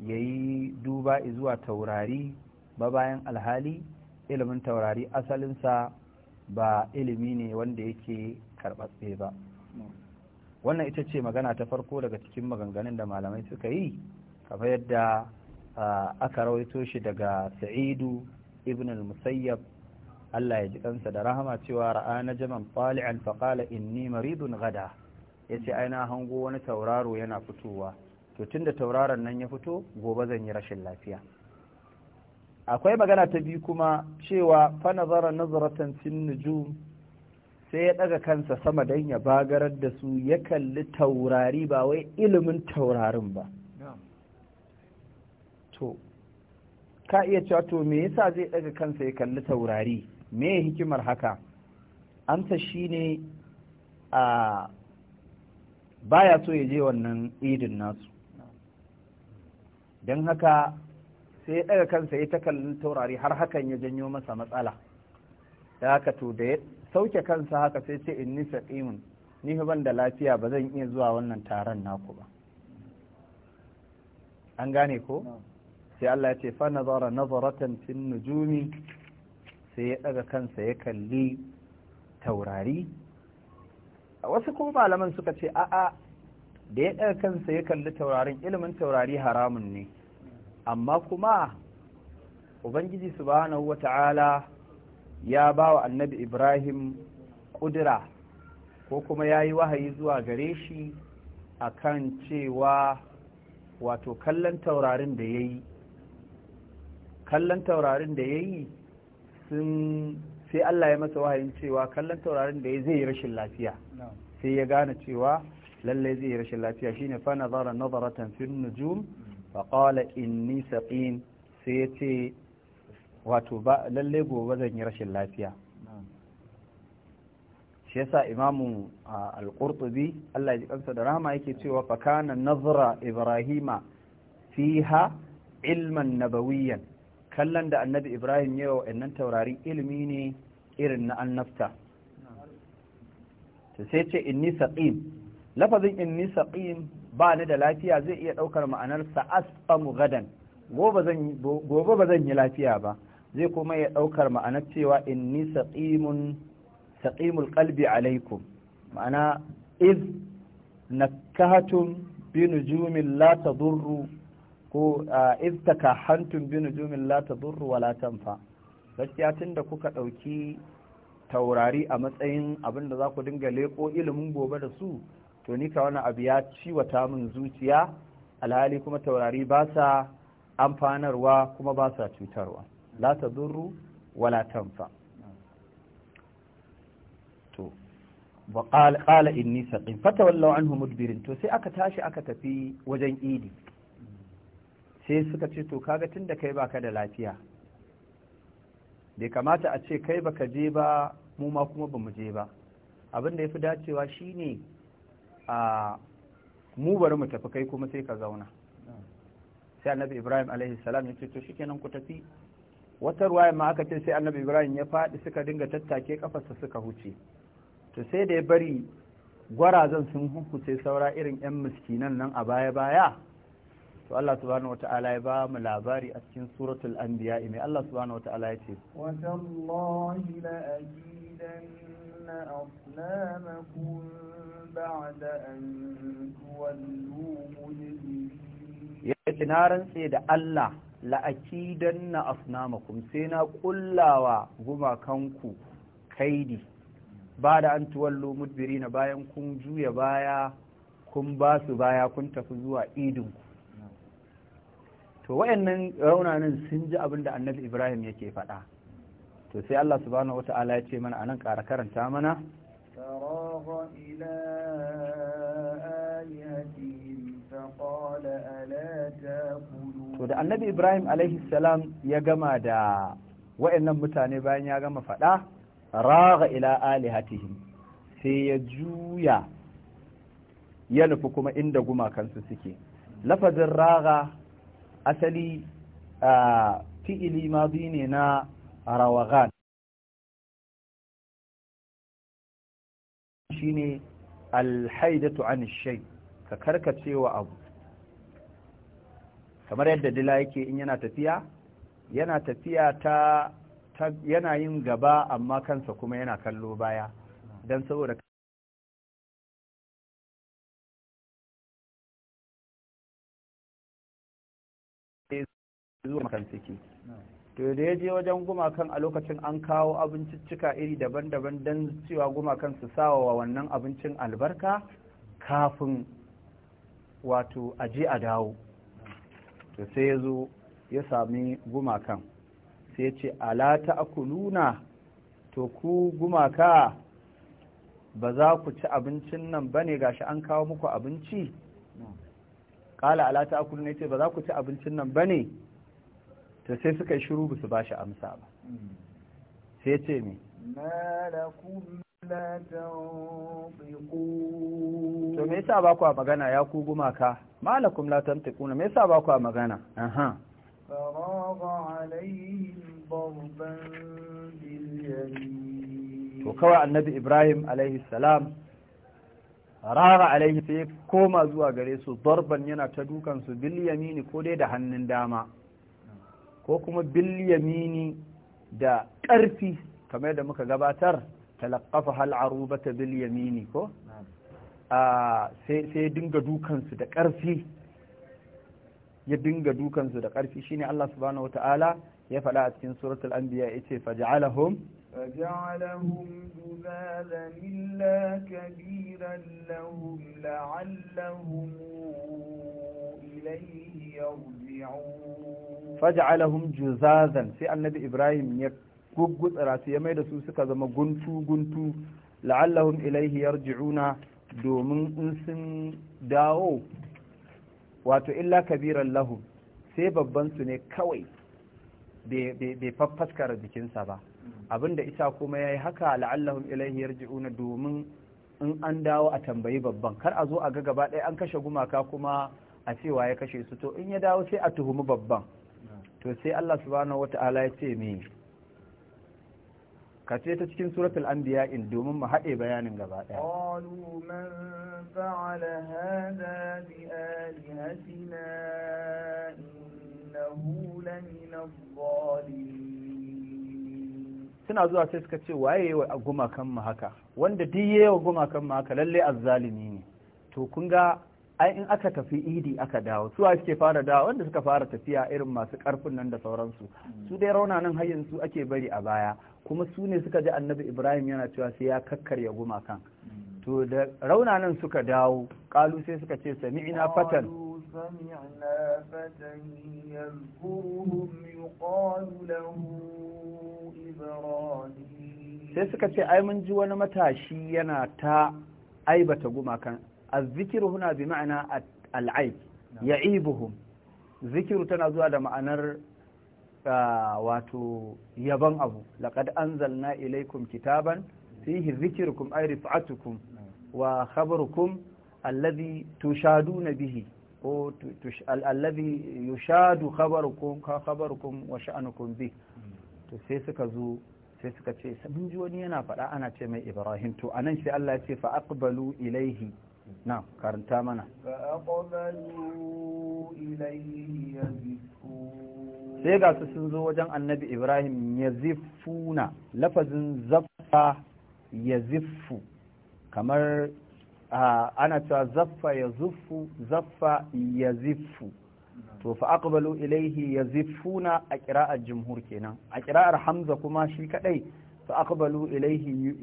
ya yi duba zuwa taurari ba bayan alhali ilimin taurari asalinsa ba ilimi ne wanda yake karɓaɓɓe ba wannan ita ce magana ta farko daga cikin maganganun da malamai suka yi kamar yadda aka rawaito shi daga sa'idu ibn musayyab Allah ya ji kansa da rahama cewa ra'a na jaman fali'an faƙala inni maridun gada ya ce aina hango wani tauraro yana fitowa to da tauraron nan ya fito gobe zan yi rashin lafiya akwai magana ta biyu kuma cewa fa nazara nazaratan fin nujum sai ya daga kansa sama dan ya bagarar da su ya kalli taurari ba wai ilimin taurarin ba to ka iya cewa to me yasa zai daga kansa ya kalli taurari me hikimar haka amsa shine a baya so ya je wannan idin nasu don haka sai ya ɗaga kansa ya ta kallon taurari har hakan ya janyo masa matsala da haka to da ya sauke kansa haka sai ce in nisa ƙimun ni ban da lafiya ba zan iya zuwa wannan taron naku ba an gane ko sai Allah ya ce fa nazara nazaratan fin nujumi sai ya ɗaga kansa ya kalli taurari wasu kuma malaman suka ce a'a da ya ɗaga kansa ya kalli taurarin ilimin taurari haramun ne amma kuma ubangiji subhanahu ta'ala ya ba wa annabi ibrahim kudura ko kuma ya yi wahayi zuwa gare shi a kan cewa wato kallon taurarin da ya yi kallon taurarin da ya yi sun sai allah ya masa wahayin cewa kallon taurarin da ya zai yi rashin lafiya sai ya gane cewa lallai zai yi rashin lafiya shine fa nazara nazaratan fi nujum fa qala inni saqim sai ya ce wato ba lallai gobe zan yi rashin lafiya shi yasa imamu al-qurtubi Allah ya kansa da rahama yake cewa fa kana nazra ibrahima fiha ilman nabawiyan kallon da annabi ibrahim yawa wa taurari ilimi ne irin na annabta ta sai ce inni saqim lafazin inni saqim ba ni da lafiya zai iya ɗaukar ma'anar sa'asqamu gadan gobe zan gobe ba zan yi lafiya ba zai kuma ya ɗaukar ma'anar cewa inni saqimun saqimul qalbi alaikum ma'ana iz nakkahatum bi nujumin la tadurru ko iz takahantum bi nujumin la tadurru wala tanfa gaskiya tunda kuka ɗauki taurari a matsayin abinda da za ku dinga leko ilimin gobe da su to ni ka wani abu ya ci ciwata min zuciya alhali kuma taurari ba sa amfanarwa kuma ba sa cutarwa la ta zurru wala tanfa to wa qala inni saqim fatawallaw anhu mudbirin to sai aka tashi aka tafi wajen idi sai suka ce to kaga tunda kai baka da lafiya bai kamata a ce kai baka je ba mu ma kuma bamu je ba abin da yafi dacewa shine a mu bari mu tafi kai kuma sai ka zauna sai annabi ibrahim alaihi salam ya ce to shikenan ku tafi wata ruwaya ma aka ce sai annabi ibrahim ya faɗi suka dinga tattake kafarsa suka huce to sai da ya bari gwarazan sun hukuce saura irin 'yan miskinan nan a baya-baya to Allah subhanahu wata'ala ya ba mu labari a cikin suratul anbiya mai Allah subhanahu wata'ala ya ce la ajidanna aslamakum بعد أن تولوا مجرمين يتنارن سيد الله لا أكيدن أصنامكم سينا قلاوا وغما كنكو كيدي بعد أن تولوا مدبرين بايا كن جوية بايا كن باسو بايا كن تفزوا إيدنكم to wayannan raunanin sun ji abin da annabi ibrahim yake faɗa to sai allah subhanahu wata'ala ya ce mana anan ƙara karanta mana فراغ إلى آلهتهم فقال ألا تأكلون to da annabi Ibrahim alaihi salam ya gama da wa'annan mutane bayan ya gama faɗa raga ila alihatihim sai ya juya ya nufi kuma inda gumakansu suke lafazin raga asali ah, fi'ili mazi ne na rawagan shine alhaidatu an shay ka karkacewa abu kamar yadda dila yake in yana tafiya yana tafiya ta yana yin gaba amma kansa kuma yana kallo baya don saboda zuwa kan ke to da ya je wajen gumakan a lokacin an kawo abinciccika iri daban-daban don cewa gumakan su sawa wa wannan abincin albarka kafin wato a je a dawo to sai ya zo ya sami gumakan sai ce ala ta akuluna to ku gumaka ba za ku ci abincin nan ba ne gashi an kawo muku abinci ƙala ala ta akuluna ya ce ba za ku ci abincin nan ba ne ta sai suka shiru ba su ba shi amsa ba sai ce ne to me yasa ba ku magana ya ku gumaka malakum la tantiquna me yasa ba ku magana aha to kawai annabi ibrahim alaihi salam rara alaihi sai koma zuwa gare su darban yana ta dukan su bil yamini ko dai da hannun dama ko kuma bilyamini da ƙarfi kamar yadda muka gabatar talaqafa hal ta bilyamini ko sai dinga dukansu da ƙarfi ya dinga dukansu da ƙarfi Shin Allah subhanahu wata'ala ya faɗa a cikin suratul anbiya yace faj'alahum فجعلهم ذلالا إلا kabiran lahum لعلهم annabi ibrahim ya جزازا rasu ya إبراهيم يقبض راسي يميد سوسك guntu قنتو قنتو لعلهم إليه domin in sun dawo wato illa kabiran lahu sai babban su ne kawai bai faffaskara jikinsa ba abinda isa kuma ya yi haka la'allahun ilaihi yarji'una domin in an dawo a tambayi babban kar a zo a ga gaba ɗaya an kashe gumaka kuma a cewa ya kashe su to in ya dawo sai a tuhumi babban to sai Allah subhanahu wata'ala ya ce me ka ce ta cikin suratul anbiya in domin mu haɗe bayanin gaba ɗaya qalu man fa'ala hadha bi alihatina innahu lamina adh-dhalimin suna zuwa sai suka ce waye wa gumakan mu haka wanda duk yayi wa gumakan mu haka lalle azzalimi ne to kun ga ai in aka tafi idi aka dawo su suke fara dawo wanda suka fara tafiya irin masu karfin nan da sauransu su dai raunanan har yanzu ake bari a baya kuma su ne suka ji annabi ibrahim yana cewa sai ya kakkarya gumakan to da raunanan suka dawo kalu sai suka ce sami'ina fatan sai suka ce ai mun ji wani matashi yana ta aibata gumakan الذكر هنا بمعنى العيب يعيبهم ذكر تنازوا da ma'anar wato yaban abu laqad anzalna ilaykum kitaban fihi dhikrukum ay rif'atukum wa khabarukum alladhi tushaduna bihi ko alladhi yushadu khabarukum ka khabarukum wa sha'anukum bihi to sai suka zo sai suka ce sabin wani yana faɗa ana ce mai ibrahim to anan sai Allah ya ce fa aqbalu ilaihi. نعم كارنتا منا سيغا سسنزو وجن النبي إبراهيم يزفونا لفظ زفا يزف كمر أنا ترى زف يزف زفا يزف to fa aqbalu ilayhi yazifuna a qira'ar jumhur kenan a qira'ar hamza kuma shi kadai fa aqbalu ilayhi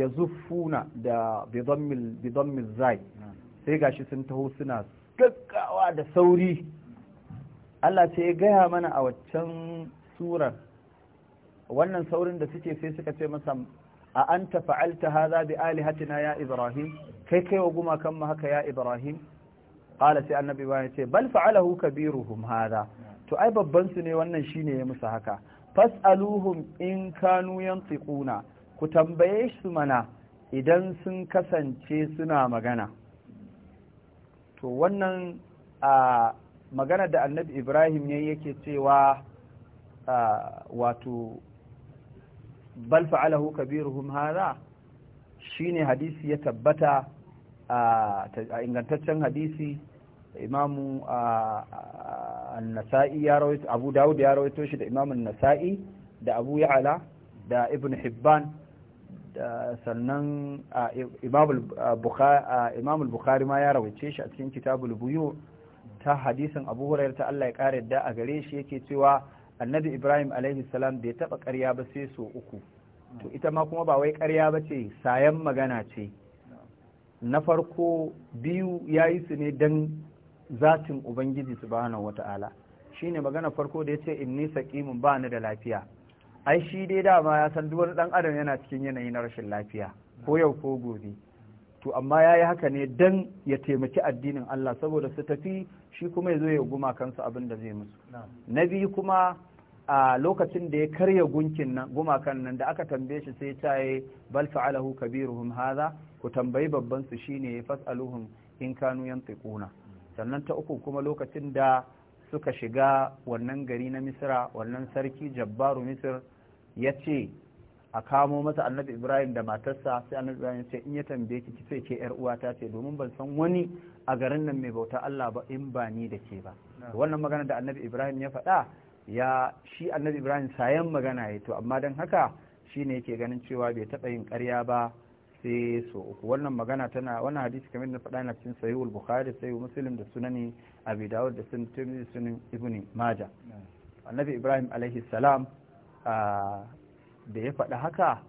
yazuffuna da bidammil bidammil zai sai gashi sun taho suna gaggawa da sauri Allah sai ya gaya mana a waccan surar wannan saurin da suke sai suka ce masa a anta fa'alta hadha bi alihatina ya ibrahim kai kai wa gumakan mu haka ya ibrahim qala sai annabi ba ya ce bal fa'alahu kabiruhum hadha to ai babban su ne wannan shine ya musu haka fas'aluhum in kanu yantiquna ku tambaye su mana idan sun kasance suna magana to wannan a magana da annabi ibrahim ne yake cewa wato bal fa'alahu kabiruhum hadha shine hadisi ya tabbata a ingantaccen hadisi imamu an ya rawaito abu dawud ya rawaito shi da imam an da abu ya'la da ibn hibban sannan imam al-bukhari ma ya rawaice shi a cikin kitabul buyu ta hadisin abu hurairar ta Allah ya kare da a gare shi yake cewa annabi ibrahim alaihi salam bai taba ƙarya ba sai so uku to ita ma kuma ba wai karya ba ce sayan magana ce na farko biyu ya yi su ne dan. zatin ubangiji subhanahu wata'ala shine magana farko da yace inni saqimun ba ni da lafiya ai shi dai da ba ya san duwar wani dan adam yana cikin yanayi na rashin lafiya ko yau ko gobe to amma yayi haka ne dan ya taimaki addinin Allah saboda su tafi shi kuma yazo ya guma kansa abin da zai musu na biyu kuma a lokacin da ya karya gunkin nan gumakan nan da aka tambaye shi sai ta yi bal fa'alahu kabiruhum hadha ku tambayi babban su shine fasaluhum in kanu yantiquna sannan ta uku kuma lokacin da suka shiga wannan gari na Misira, wannan sarki jabbaru misir ya ce a kamo masa annabi ibrahim da matarsa sai annabi ibrahim ce in ya tambaye ki ki ce ke yar uwata ce domin ban san wani a garin nan mai bauta Allah ba in ba ni da ke ba wannan magana da annabi ibrahim ya faɗa ya shi annabi ibrahim sayan magana ya to amma don haka shine yake ganin cewa bai taɓa yin ƙarya ba sai so uku wannan magana tana wannan hadisi kamar na faɗa na cikin sahihul bukhari sai muslim da sunani abi dawud da sunan tirmidhi sunan ibni majah annabi ibrahim alaihi salam da ya faɗa haka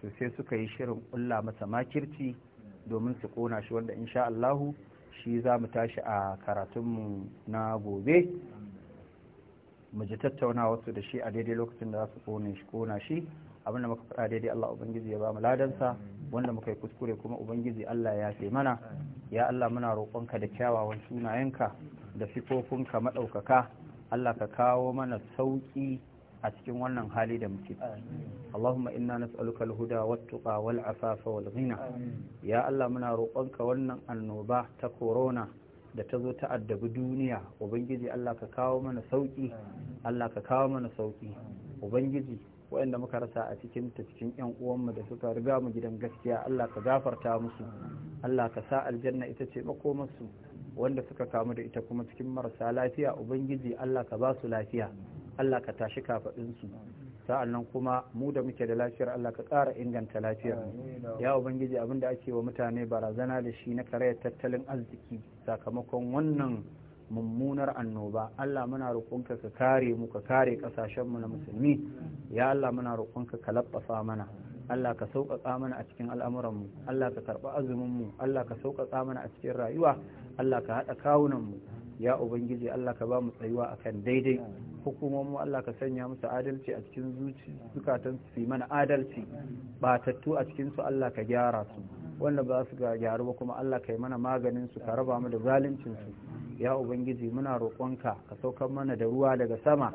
to sai suka yi shirin ƙulla masa makirci domin su kona shi wanda insha Allah shi za mu tashi a karatun mu na gobe mu ji tattauna wasu da shi a daidai lokacin da za su kona shi abin da muka faɗa daidai Allah ubangiji ya ba mu ladansa wanda muka yi kuskure kuma ubangiji Allah ya ce mana ya Allah muna roƙonka da kyawawan sunayenka da sifofinka maɗaukaka Allah ka kawo mana sauƙi a cikin wannan hali da muke Allahumma inna nas'aluka al-huda wat-tuqa wal-afafa wal-ghina ya Allah muna roƙonka wannan annoba ta corona da ta zo ta addabi duniya ubangiji Allah ka kawo mana sauki Allah ka kawo mana sauki ubangiji waɗanda muka rasa a cikin ta cikin ƴan uwanmu da suka riga mu gidan gaskiya Allah ka gafarta musu Allah ka sa aljanna ita ce makomarsu wanda suka kamu da ita kuma cikin marasa lafiya ubangiji Allah ka ba su lafiya Allah ka tashi kafaɗinsu sa'annan kuma mu da muke da lafiyar Allah ka ƙara inganta lafiyar ya ubangiji abinda ake wa mutane barazana da shi na karayar tattalin arziki sakamakon wannan mummunar annoba Allah muna roƙonka ka kare mu ka kare mu na musulmi ya Allah muna roƙonka ka labbafa mana Allah ka sauƙaƙa mana a cikin al'amuran mu Allah ka azumin mu Allah ka sauƙaƙa mana a cikin rayuwa Allah ka haɗa mu ya ubangiji Allah ka ba mu tsayuwa akan daidai hukumomu Allah ka sanya musu adalci a cikin zuci zukatan su mana adalci batattu a cikin su Allah ka gyara su wanda ba su ga gyaru kuma Allah ka yi mana maganin su ka raba mu da zaluncinsu. su ya ubangiji muna roƙonka ka saukar mana da ruwa daga sama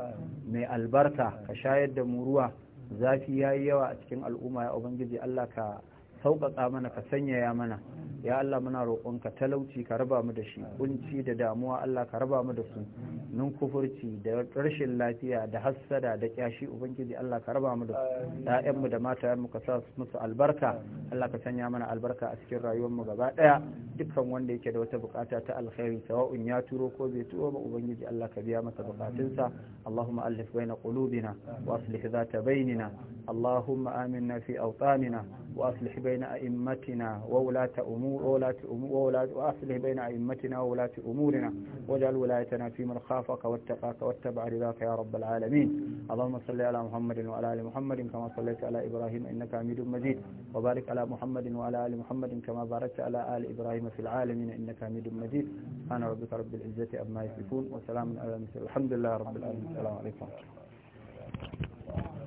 mai albarka ka shayar da mu ruwa zafi ya yi yawa a cikin al'umma ya ubangiji allah ka sauƙaƙa mana ka sanyaya mana ya Allah muna roƙonka talauci ka raba mu da shi kunci da damuwa Allah ka raba mu da su nun kufurci da rashin lafiya da hassada da kyashi ubangiji Allah ka raba mu da su mu da mu ka sa musu albarka Allah ka sanya mana albarka a cikin rayuwar mu gaba ɗaya dukkan wanda yake da wata bukata ta alkhairi sawa'un ya turo ko bai turo ba ubangiji Allah ka biya masa bukatunsa Allahumma alif baina qulubina wa aslih dhata bainina Allahumma aminna fi awtanina wa aslih بين أئمتنا وولاة أمور وولاة أمور وولاة وأصلح بين أئمتنا وولاة أمورنا واجعل ولايتنا في من خافك واتقاك واتبع رضاك يا رب العالمين اللهم صل على محمد وعلى آل محمد كما صليت على إبراهيم إنك حميد مجيد وبارك على محمد وعلى آل محمد كما باركت على آل إبراهيم في العالمين إنك حميد مجيد سبحان ربك رب العزة أما يصفون وسلام على المسلمين الحمد لله رب العالمين السلام عليكم